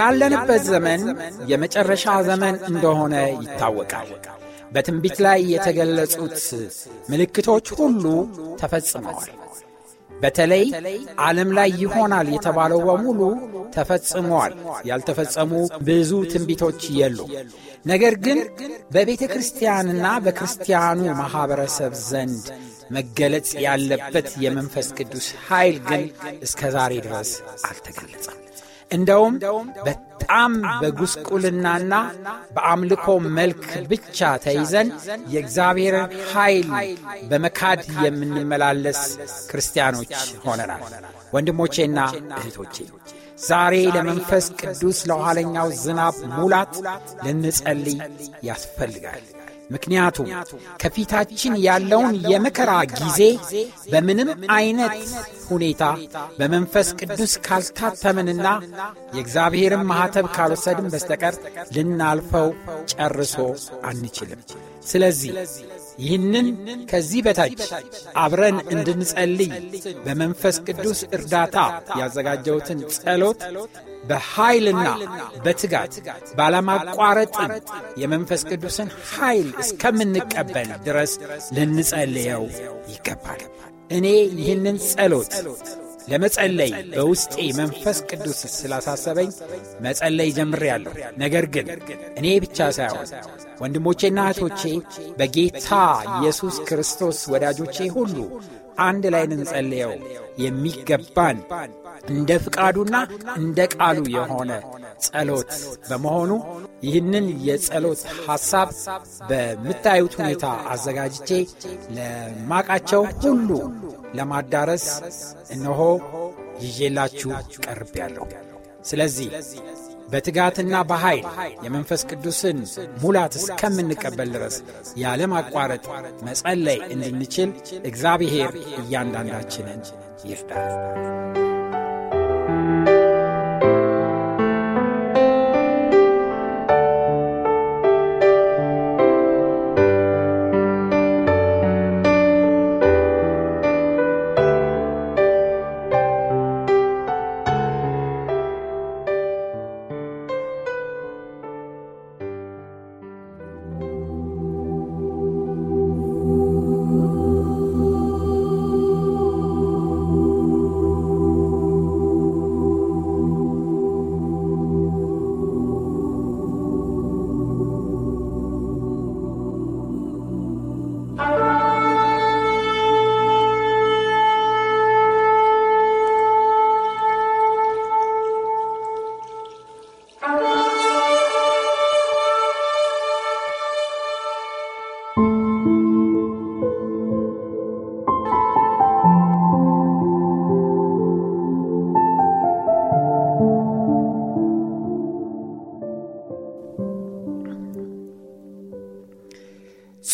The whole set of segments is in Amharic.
ያለንበት ዘመን የመጨረሻ ዘመን እንደሆነ ይታወቃል። በትንቢት ላይ የተገለጹት ምልክቶች ሁሉ ተፈጽመዋል። በተለይ ዓለም ላይ ይሆናል የተባለው በሙሉ ተፈጽመዋል። ያልተፈጸሙ ብዙ ትንቢቶች የሉም። ነገር ግን በቤተ ክርስቲያንና በክርስቲያኑ ማኅበረሰብ ዘንድ መገለጽ ያለበት የመንፈስ ቅዱስ ኃይል ግን እስከ ዛሬ ድረስ አልተገለጸም። እንደውም በጣም በጉስቁልናና በአምልኮ መልክ ብቻ ተይዘን የእግዚአብሔርን ኃይል በመካድ የምንመላለስ ክርስቲያኖች ሆነናል። ወንድሞቼና እህቶቼ ዛሬ ለመንፈስ ቅዱስ ለኋለኛው ዝናብ ሙላት ልንጸልይ ያስፈልጋል። ምክንያቱም ከፊታችን ያለውን የመከራ ጊዜ በምንም አይነት ሁኔታ በመንፈስ ቅዱስ ካልታተምንና የእግዚአብሔርን ማኅተብ ካልወሰድን በስተቀር ልናልፈው ጨርሶ አንችልም። ስለዚህ ይህንን ከዚህ በታች አብረን እንድንጸልይ በመንፈስ ቅዱስ እርዳታ ያዘጋጀውትን ጸሎት በኃይልና በትጋት ባለማቋረጥን የመንፈስ ቅዱስን ኃይል እስከምንቀበል ድረስ ልንጸልየው ይገባል። እኔ ይህንን ጸሎት ለመጸለይ በውስጤ መንፈስ ቅዱስ ስላሳሰበኝ መጸለይ ያለሁ ነገር ግን እኔ ብቻ ሳይሆን ወንድሞቼና እህቶቼ በጌታ ኢየሱስ ክርስቶስ ወዳጆቼ ሁሉ አንድ ላይ ንንጸልየው የሚገባን እንደ ፍቃዱና እንደ ቃሉ የሆነ ጸሎት በመሆኑ ይህንን የጸሎት ሐሳብ በምታዩት ሁኔታ አዘጋጅቼ ለማቃቸው ሁሉ ለማዳረስ እነሆ ይዤላችሁ ቀርብ ያለሁ። ስለዚህ በትጋትና በኃይል የመንፈስ ቅዱስን ሙላት እስከምንቀበል ድረስ ያለማቋረጥ መጸለይ እንድንችል እግዚአብሔር እያንዳንዳችንን ይርዳል።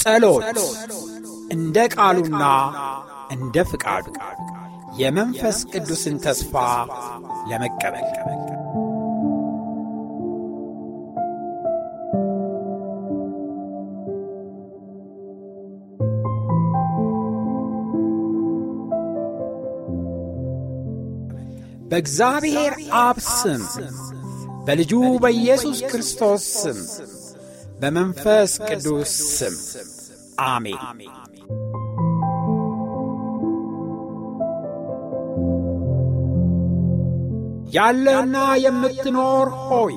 ጸሎት እንደ ቃሉና እንደ ፍቃዱ የመንፈስ ቅዱስን ተስፋ ለመቀበል በእግዚአብሔር አብ ስም በልጁ በኢየሱስ ክርስቶስ ስም በመንፈስ ቅዱስ ስም Army. ያለህና የምትኖር ሆይ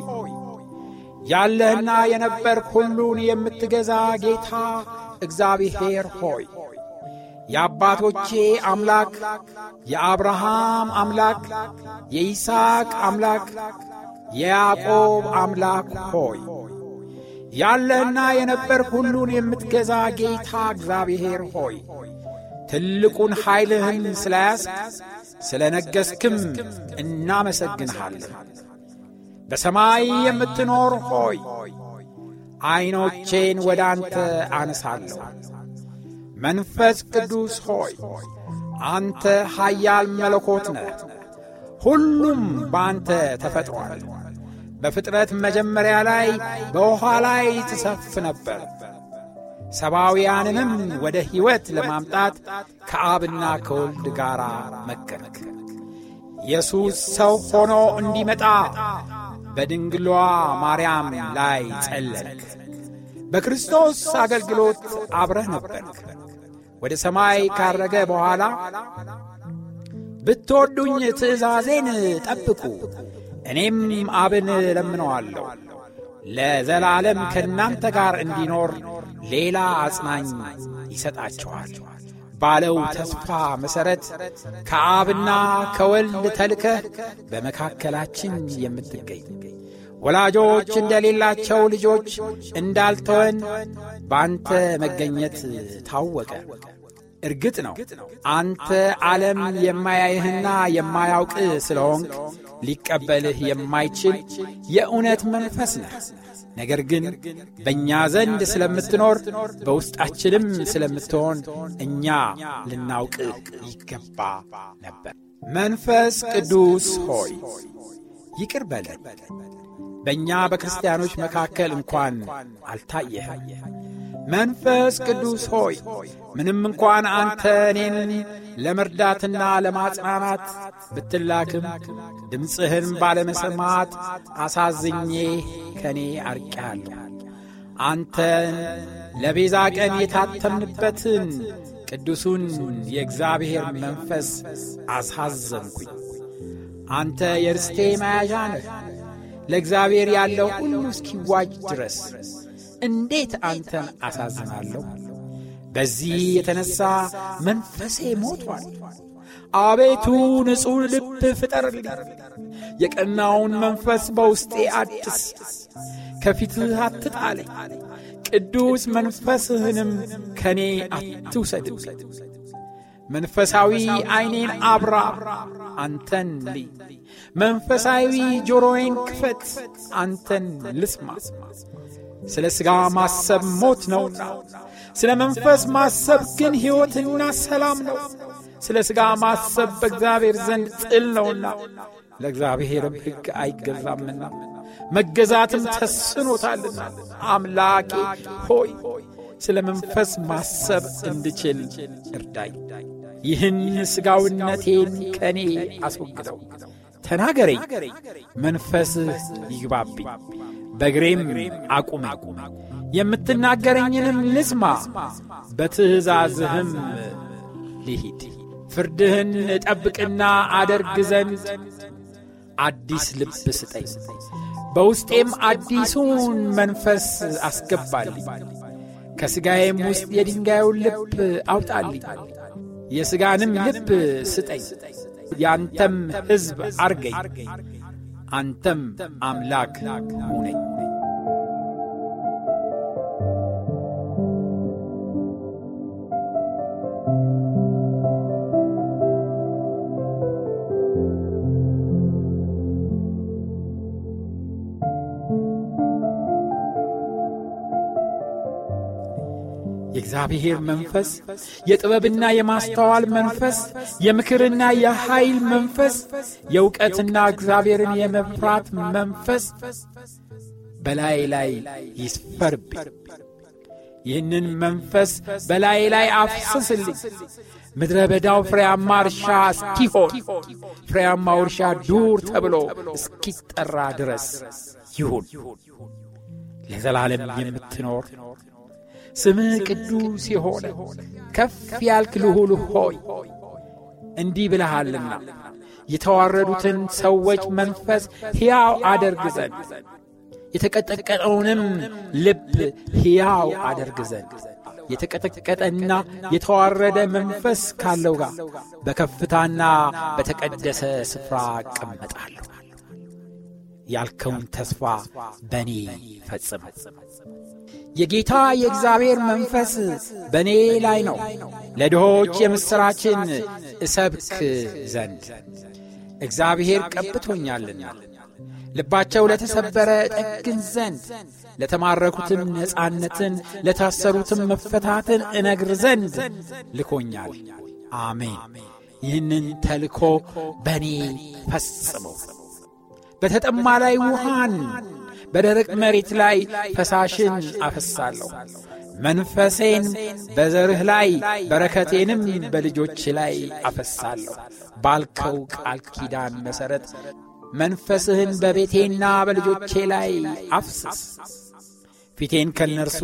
ያለህና የነበር ሁሉን የምትገዛ ጌታ እግዚአብሔር ሆይ የአባቶቼ አምላክ የአብርሃም አምላክ የይስሐቅ አምላክ የያዕቆብ አምላክ ሆይ ያለህና የነበር ሁሉን የምትገዛ ጌታ እግዚአብሔር ሆይ ትልቁን ኃይልህን ስለያዝክ ስለ ነገሥክም እናመሰግንሃለን። በሰማይ የምትኖር ሆይ ዐይኖቼን ወደ አንተ አነሳለሁ። መንፈስ ቅዱስ ሆይ አንተ ኀያል መለኮት ነህ፣ ሁሉም በአንተ ተፈጥሮአል። በፍጥረት መጀመሪያ ላይ በውኃ ላይ ትሰፍ ነበር። ሰብአውያንንም ወደ ሕይወት ለማምጣት ከአብና ከወልድ ጋር መከረከ። ኢየሱስ ሰው ሆኖ እንዲመጣ በድንግሏ ማርያም ላይ ጸለልክ። በክርስቶስ አገልግሎት አብረህ ነበርክ። ወደ ሰማይ ካረገ በኋላ ብትወዱኝ ትእዛዜን ጠብቁ እኔም አብን እለምነዋለሁ ለዘላለም ከእናንተ ጋር እንዲኖር ሌላ አጽናኝ ይሰጣችኋል ባለው ተስፋ መሠረት ከአብና ከወልድ ተልከህ በመካከላችን የምትገኝ ወላጆች እንደሌላቸው ልጆች እንዳልተወን በአንተ መገኘት ታወቀ። እርግጥ ነው አንተ ዓለም የማያይህና የማያውቅ ስለ ሆንክ ሊቀበልህ የማይችል የእውነት መንፈስ ነህ። ነገር ግን በእኛ ዘንድ ስለምትኖር በውስጣችንም ስለምትሆን እኛ ልናውቅ ይገባ ነበር። መንፈስ ቅዱስ ሆይ ይቅር በለን። በእኛ በክርስቲያኖች መካከል እንኳን አልታየህም። መንፈስ ቅዱስ ሆይ ምንም እንኳን አንተ እኔን ለመርዳትና ለማጽናናት ብትላክም ድምፅህን ባለመሰማት አሳዝኜ ከእኔ አርቄአለሁ። አንተን ለቤዛ ቀን የታተምንበትን ቅዱሱን የእግዚአብሔር መንፈስ አሳዘንኩኝ። አንተ የርስቴ መያዣ ነህ። ለእግዚአብሔር ያለው ሁሉ እስኪዋጅ ድረስ እንዴት አንተን አሳዝናለሁ! በዚህ የተነሣ መንፈሴ ሞቷል። አቤቱ ንጹሕ ልብ ፍጠርልኝ፣ የቀናውን መንፈስ በውስጤ አድስ። ከፊትህ አትጣለኝ፣ ቅዱስ መንፈስህንም ከኔ አትውሰድ። መንፈሳዊ ዐይኔን አብራ አንተን ልይ፣ መንፈሳዊ ጆሮዬን ክፈት አንተን ልስማ። ስለ ሥጋ ማሰብ ሞት ነውና፣ ስለ መንፈስ ማሰብ ግን ሕይወትና ሰላም ነው። ስለ ሥጋ ማሰብ በእግዚአብሔር ዘንድ ጥል ነውና ለእግዚአብሔርም ሕግ አይገዛምና መገዛትም ተስኖታልና። አምላኬ ሆይ ስለ መንፈስ ማሰብ እንድችል እርዳኝ። ይህን ሥጋውነቴን ከእኔ አስወግደው። ተናገረኝ፣ መንፈስህ ይግባብኝ። በእግሬም አቁመኝ፣ የምትናገረኝንም ልስማ፣ በትእዛዝህም ልሂድ። ፍርድህን እጠብቅና አደርግ ዘንድ አዲስ ልብ ስጠኝ፣ በውስጤም አዲሱን መንፈስ አስገባልኝ። ከሥጋዬም ውስጥ የድንጋዩን ልብ አውጣልኝ፣ የሥጋንም ልብ ስጠኝ፣ ያንተም ሕዝብ አርገኝ አንተም አምላክ ሁነኝ። የእግዚአብሔር መንፈስ፣ የጥበብና የማስተዋል መንፈስ፣ የምክርና የኃይል መንፈስ፣ የእውቀትና እግዚአብሔርን የመፍራት መንፈስ በላይ ላይ ይስፈርብኝ። ይህንን መንፈስ በላይ ላይ አፍስስልኝ። ምድረ በዳው ፍሬያማ እርሻ እስኪሆን ፍሬያማው እርሻ ዱር ተብሎ እስኪጠራ ድረስ ይሁን። ለዘላለም የምትኖር ስምህ ቅዱስ የሆነ ከፍ ያልክ ልዑል ሆይ እንዲህ ብለሃልና የተዋረዱትን ሰዎች መንፈስ ሕያው አደርግ ዘንድ የተቀጠቀጠውንም ልብ ሕያው አደርግ ዘንድ የተቀጠቀጠና የተዋረደ መንፈስ ካለው ጋር በከፍታና በተቀደሰ ስፍራ እቀመጣለሁ ያልከውን ተስፋ በእኔ ፈጽመ የጌታ የእግዚአብሔር መንፈስ በእኔ ላይ ነው ለድሆች የምሥራችን እሰብክ ዘንድ እግዚአብሔር ቀብቶኛልና ልባቸው ለተሰበረ ጠግን ዘንድ ለተማረኩትም ነፃነትን ለታሰሩትም መፈታትን እነግር ዘንድ ልኮኛል አሜን ይህንን ተልኮ በእኔ ፈጽመው በተጠማ ላይ ውሃን በደረቅ መሬት ላይ ፈሳሽን አፈሳለሁ። መንፈሴን በዘርህ ላይ በረከቴንም በልጆች ላይ አፈሳለሁ ባልከው ቃል ኪዳን መሠረት መንፈስህን በቤቴና በልጆቼ ላይ አፍስስ። ፊቴን ከእነርሱ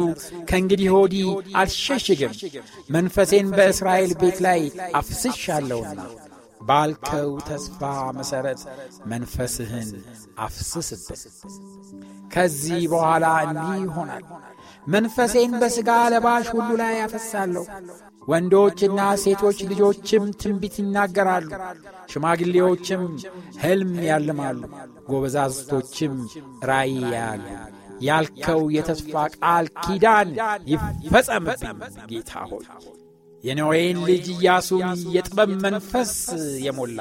ከእንግዲህ ወዲህ አልሸሽግም፣ መንፈሴን በእስራኤል ቤት ላይ አፍስሻለሁና ባልከው ተስፋ መሠረት መንፈስህን አፍስስብን። ከዚህ በኋላ እንዲህ ይሆናል፣ መንፈሴን በሥጋ ለባሽ ሁሉ ላይ ያፈሳለሁ። ወንዶችና ሴቶች ልጆችም ትንቢት ይናገራሉ፣ ሽማግሌዎችም ሕልም ያልማሉ፣ ጎበዛዝቶችም ራይ ያሉ ያልከው የተስፋ ቃል ኪዳን ይፈጸምብኝ ጌታ ሆይ የነዌን ልጅ ኢያሱን የጥበብ መንፈስ የሞላ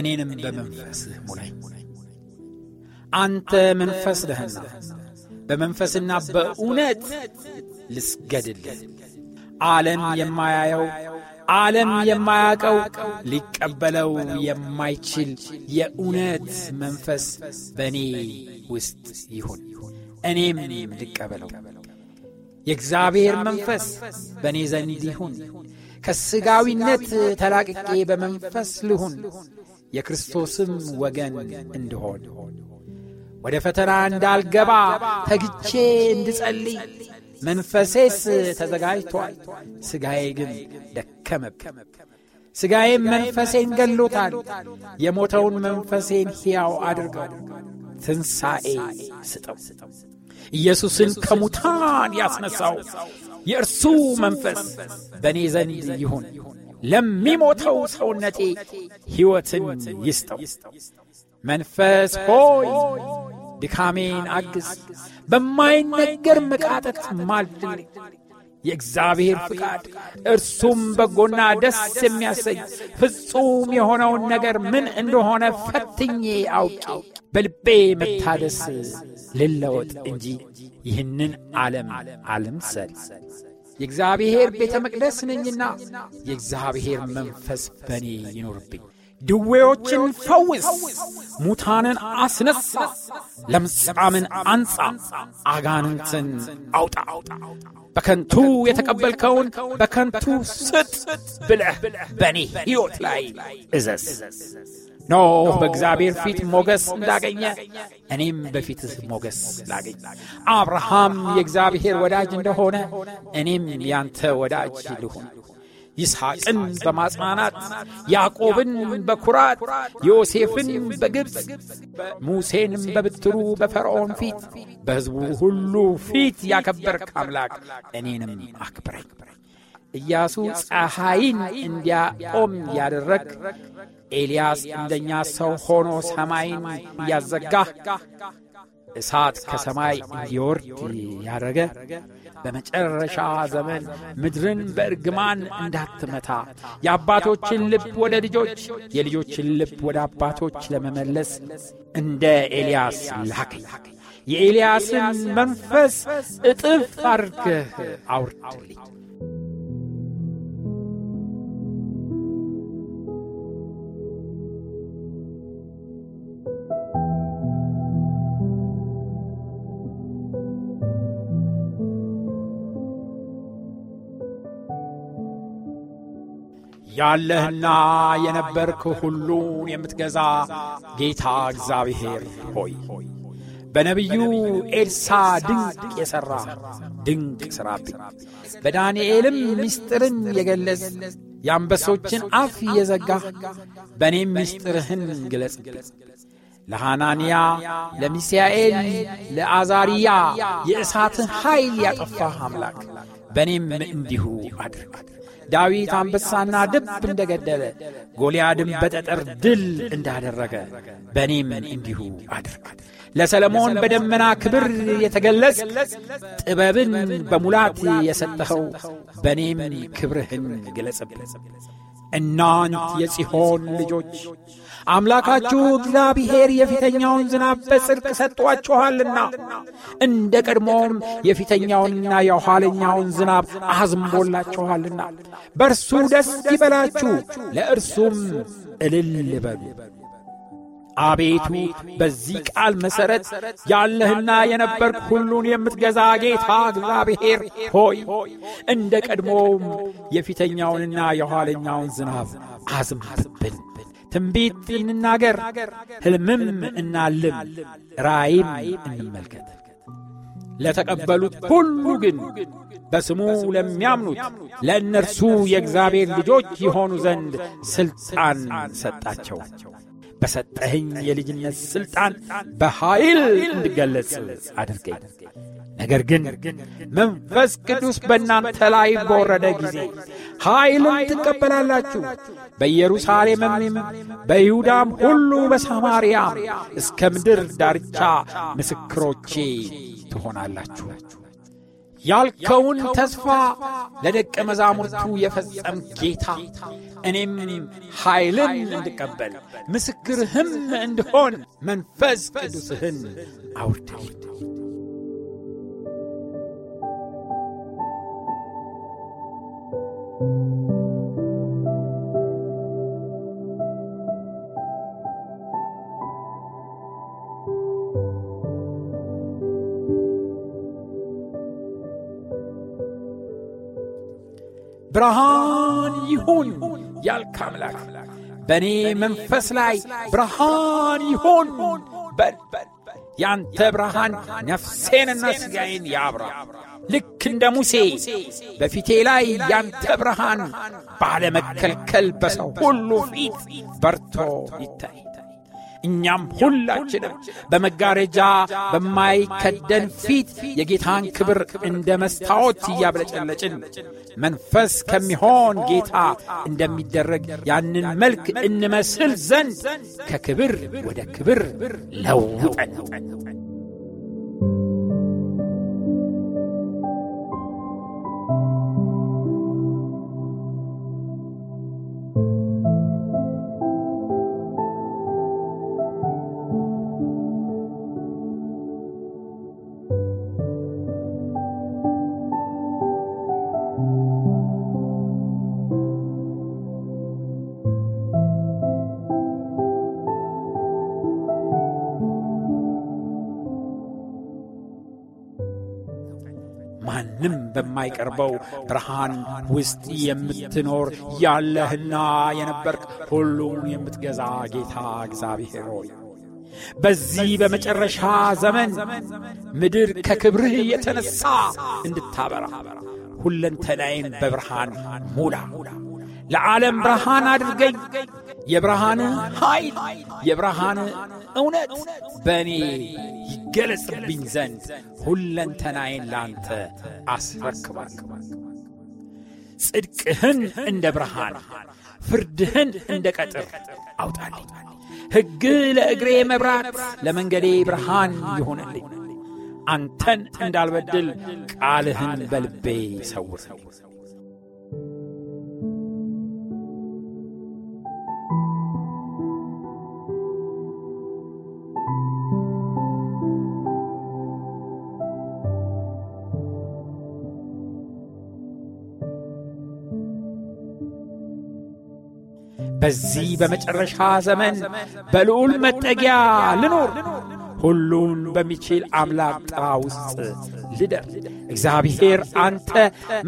እኔንም በመንፈስህ ሙላኝ። አንተ መንፈስ ነህና በመንፈስና በእውነት ልስገድልህ። ዓለም የማያየው ዓለም የማያቀው ሊቀበለው የማይችል የእውነት መንፈስ በእኔ ውስጥ ይሁን፣ እኔም ልቀበለው። የእግዚአብሔር መንፈስ በእኔ ዘንድ ይሁን። ከሥጋዊነት ተላቅቄ በመንፈስ ልሁን፣ የክርስቶስም ወገን እንድሆን ወደ ፈተና እንዳልገባ ተግቼ እንድጸልይ መንፈሴስ ተዘጋጅቷል፣ ሥጋዬ ግን ደከመብ። ሥጋዬም መንፈሴን ገሎታል። የሞተውን መንፈሴን ሕያው አድርገው ትንሣኤ ስጠው። ኢየሱስን ከሙታን ያስነሣው የእርሱ መንፈስ በእኔ ዘንድ ይሁን። ለሚሞተው ሰውነቴ ሕይወትን ይስጠው። መንፈስ ሆይ ድካሜን አግዝ በማይነገር መቃጠት ማልድል የእግዚአብሔር ፍቃድ እርሱም በጎና ደስ የሚያሰኝ ፍጹም የሆነውን ነገር ምን እንደሆነ ፈትኜ አውቂ በልቤ መታደስ ልለወጥ እንጂ ይህንን ዓለም አልምሰል የእግዚአብሔር ቤተ መቅደስ ነኝና የእግዚአብሔር መንፈስ በእኔ ይኖርብኝ ድዌዎችን ፈውስ፣ ሙታንን አስነሳ፣ ለምጻምን አንጻ፣ አጋንንትን አውጣ። በከንቱ የተቀበልከውን በከንቱ ስጥ ብለህ በእኔ ሕይወት ላይ እዘዝ። ኖ በእግዚአብሔር ፊት ሞገስ እንዳገኘ እኔም በፊትህ ሞገስ ላገኝ። አብርሃም የእግዚአብሔር ወዳጅ እንደሆነ እኔም ያንተ ወዳጅ ልሁን። ይስሐቅን በማጽናናት ያዕቆብን በኩራት ዮሴፍን በግብፅ ሙሴንም በብትሩ በፈርዖን ፊት በሕዝቡ ሁሉ ፊት ያከበርክ አምላክ እኔንም አክብረኝ ኢያሱ ፀሐይን እንዲያቆም ያደረግ ኤልያስ እንደኛ ሰው ሆኖ ሰማይን እያዘጋህ እሳት ከሰማይ እንዲወርድ ያደረገ በመጨረሻ ዘመን ምድርን በእርግማን እንዳትመታ የአባቶችን ልብ ወደ ልጆች የልጆችን ልብ ወደ አባቶች ለመመለስ እንደ ኤልያስ ላከኝ። የኤልያስን መንፈስ እጥፍ አድርገህ አውርድልኝ ያለህና የነበርክ ሁሉን የምትገዛ ጌታ እግዚአብሔር ሆይ በነቢዩ ኤልሳ ድንቅ የሠራ ድንቅ ሥራብኝ በዳንኤልም ምስጢርን የገለጽ የአንበሶችን አፍ እየዘጋህ በእኔም ምስጢርህን ግለጽብኝ ለሐናንያ፣ ለሚሳኤል፣ ለአዛሪያ የእሳትን ኃይል ያጠፋህ አምላክ በእኔም እንዲሁ አድርግ። ዳዊት አንበሳና ድብ እንደገደለ ገደለ ጎልያድም በጠጠር ድል እንዳደረገ በእኔም እንዲሁ አድርግ። ለሰለሞን በደመና ክብር የተገለጽ ጥበብን በሙላት የሰጠኸው በእኔም ክብርህን ግለጽበት። እናንት የጽሆን ልጆች አምላካችሁ እግዚአብሔር የፊተኛውን ዝናብ በጽድቅ ሰጥቷችኋልና እንደ ቀድሞውም የፊተኛውንና የኋለኛውን ዝናብ አዝንቦላችኋልና በእርሱ ደስ ይበላችሁ፣ ለእርሱም እልል በሉ። አቤቱ በዚህ ቃል መሠረት ያለህና የነበርክ ሁሉን የምትገዛ ጌታ እግዚአብሔር ሆይ እንደ ቀድሞውም የፊተኛውንና የኋለኛውን ዝናብ አዝንብብን። ትንቢት እንናገር፣ ሕልምም እናልም፣ ራይም እንመልከት። ለተቀበሉት ሁሉ ግን በስሙ ለሚያምኑት ለእነርሱ የእግዚአብሔር ልጆች ይሆኑ ዘንድ ሥልጣን ሰጣቸው። በሰጠኸኝ የልጅነት ሥልጣን በኃይል እንድገለጽ አድርገኝ ነገር ግን መንፈስ ቅዱስ በእናንተ ላይ በወረደ ጊዜ ኀይልም ትቀበላላችሁ፣ በኢየሩሳሌምም በይሁዳም ሁሉ በሳማርያም እስከ ምድር ዳርቻ ምስክሮቼ ትሆናላችሁ። ያልከውን ተስፋ ለደቀ መዛሙርቱ የፈጸም ጌታ እኔም ኀይልን እንድቀበል ምስክርህም እንድሆን መንፈስ ቅዱስህን አውርድ። ብርሃን ይሁን ያልክ አምላክ በእኔ መንፈስ ላይ ብርሃን ይሁን በል ያንተ ብርሃን ነፍሴንና ሥጋዬን ያብራ እንደ ሙሴ በፊቴ ላይ ያንተ ብርሃን ባለመከልከል በሰው ሁሉ ፊት በርቶ ይታይ። እኛም ሁላችንም በመጋረጃ በማይከደን ፊት የጌታን ክብር እንደ መስታወት እያብለጨለጭን መንፈስ ከሚሆን ጌታ እንደሚደረግ ያንን መልክ እንመስል ዘንድ ከክብር ወደ ክብር ለውጠን በማይቀርበው ብርሃን ውስጥ የምትኖር ያለህና የነበርክ ሁሉን የምትገዛ ጌታ እግዚአብሔር ሆይ በዚህ በመጨረሻ ዘመን ምድር ከክብርህ የተነሳ እንድታበራ ሁለንተናዬን በብርሃን ሙላ። ለዓለም ብርሃን አድርገኝ። የብርሃን ኃይል፣ የብርሃን እውነት በእኔ ይገለጽብኝ ዘንድ ሁለንተናዬን ለአንተ አስረክባል ጽድቅህን እንደ ብርሃን ፍርድህን እንደ ቀጥር አውጣልኝ ሕግህ ለእግሬ መብራት ለመንገዴ ብርሃን ይሆንልኝ አንተን እንዳልበድል ቃልህን በልቤ ሰውር በዚህ በመጨረሻ ዘመን በልዑል መጠጊያ ልኖር ሁሉን በሚችል አምላክ ጥራ ውስጥ ልደር እግዚአብሔር አንተ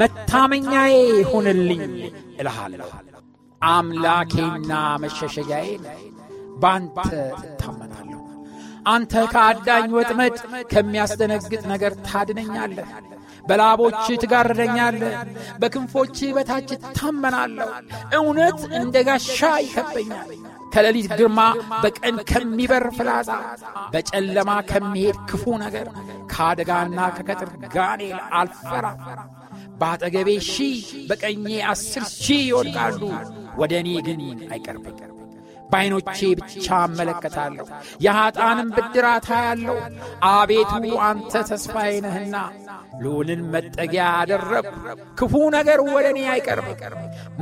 መታመኛዬ ሆንልኝ እልሃለሁ አምላኬና መሸሸጊያዬ በአንተ እታመናለሁ አንተ ከአዳኝ ወጥመድ ከሚያስደነግጥ ነገር ታድነኛለህ በላቦች ትጋርደኛለህ፣ በክንፎች በታች ታመናለሁ። እውነት እንደ ጋሻ ይከበኛል። ከሌሊት ግርማ፣ በቀን ከሚበር ፍላጻ፣ በጨለማ ከሚሄድ ክፉ ነገር፣ ከአደጋና ከቀጥር ጋኔል አልፈራ። በአጠገቤ ሺህ በቀኜ አስር ሺህ ይወድቃሉ፣ ወደ እኔ ግን አይቀርብም። ባይኖቼ ብቻ አመለከታለሁ የኀጣንም ብድራታ ያለው አቤቱ አንተ ተስፋዬ ነህና ልዑልን መጠጊያ አደረግሁ። ክፉ ነገር ወደ እኔ አይቀርብ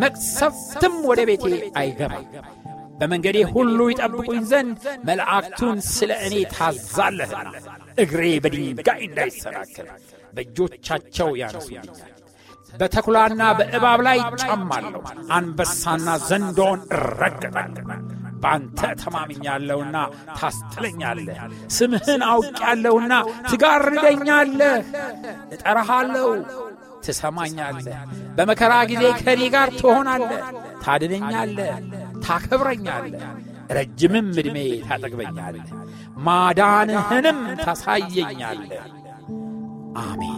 መቅሰፍትም ወደ ቤቴ አይገባም። በመንገዴ ሁሉ ይጠብቁኝ ዘንድ መላእክቱን ስለ እኔ ታዛለህና እግሬ በድንጋይ እንዳይሰናከል በእጆቻቸው ያነሱልኛል በተኩላና በእባብ ላይ ጫማለሁ አንበሳና ዘንዶውን እረግጣለሁ። በአንተ ተማምኛለሁና ታስጥለኛለህ። ስምህን አውቄያለሁና ትጋርደኛለህ። እጠረሃለሁ ትሰማኛለህ። በመከራ ጊዜ ከኔ ጋር ትሆናለህ፣ ታድነኛለህ፣ ታከብረኛለህ። ረጅምም ዕድሜ ታጠግበኛለህ፣ ማዳንህንም ታሳየኛለህ። አሜን።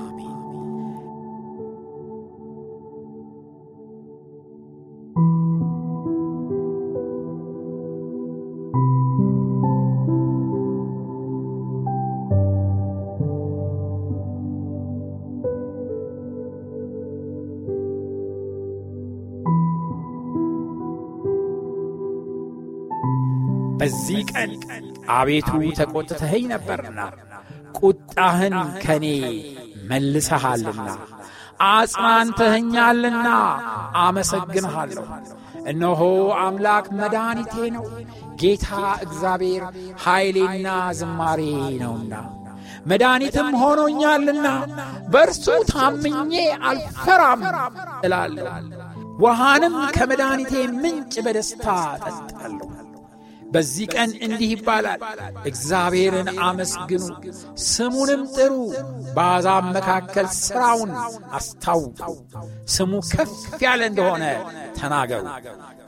በዚህ ቀን አቤቱ ተቆጥተኸኝ ነበርና ቁጣህን ከኔ መልሰሃልና አጽናንተኸኛልና አመሰግንሃለሁ። እነሆ አምላክ መድኃኒቴ ነው፣ ጌታ እግዚአብሔር ኃይሌና ዝማሬ ነውና መድኃኒትም ሆኖኛልና በእርሱ ታምኜ አልፈራም እላለሁ። ውሃንም ከመድኃኒቴ ምንጭ በደስታ ጠጣለሁ። በዚህ ቀን እንዲህ ይባላል፣ እግዚአብሔርን አመስግኑ፣ ስሙንም ጥሩ፣ በአሕዛብ መካከል ሥራውን አስታውቁ፣ ስሙ ከፍ ያለ እንደሆነ ተናገሩ።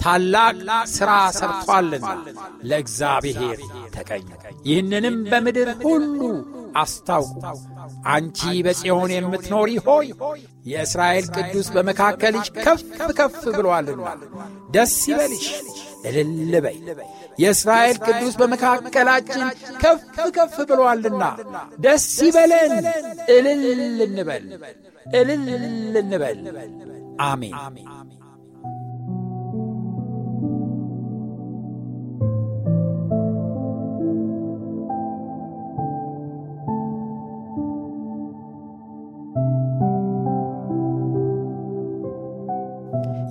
ታላቅ ሥራ ሠርቶአልና ለእግዚአብሔር ተቀኙ፣ ይህንንም በምድር ሁሉ አስታውቁ። አንቺ በጽዮን የምትኖሪ ሆይ የእስራኤል ቅዱስ በመካከልሽ ከፍ ከፍ ብሎአልና ደስ ይበልሽ እልል በይ የእስራኤል ቅዱስ በመካከላችን ከፍ ከፍ ብሎአልና ደስ ይበለን፣ እልል እንበል፣ እልል እንበል። አሜን።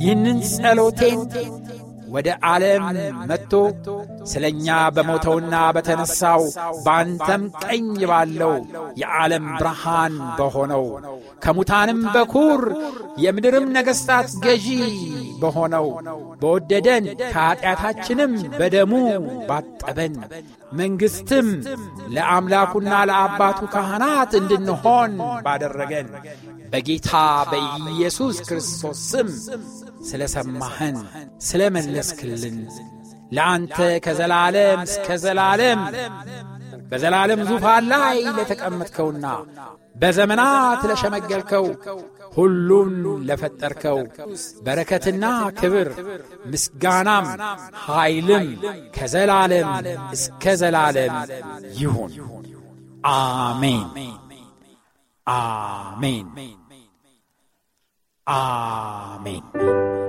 ይህንን ጸሎቴን ወደ ዓለም መጥቶ ስለ እኛ በሞተውና በተነሣው ባንተም ቀኝ ባለው የዓለም ብርሃን በሆነው ከሙታንም በኩር የምድርም ነገሥታት ገዢ በሆነው በወደደን ከኀጢአታችንም በደሙ ባጠበን መንግሥትም ለአምላኩና ለአባቱ ካህናት እንድንሆን ባደረገን በጌታ በኢየሱስ ክርስቶስ ስም ስለ ሰማኸን ስለ መለስክልን ለአንተ ከዘላለም እስከ ዘላለም በዘላለም ዙፋን ላይ ለተቀመጥከውና በዘመናት ለሸመገልከው ሁሉን ለፈጠርከው በረከትና ክብር ምስጋናም ኃይልም ከዘላለም እስከ ዘላለም ይሁን። አሜን አሜን። Amém.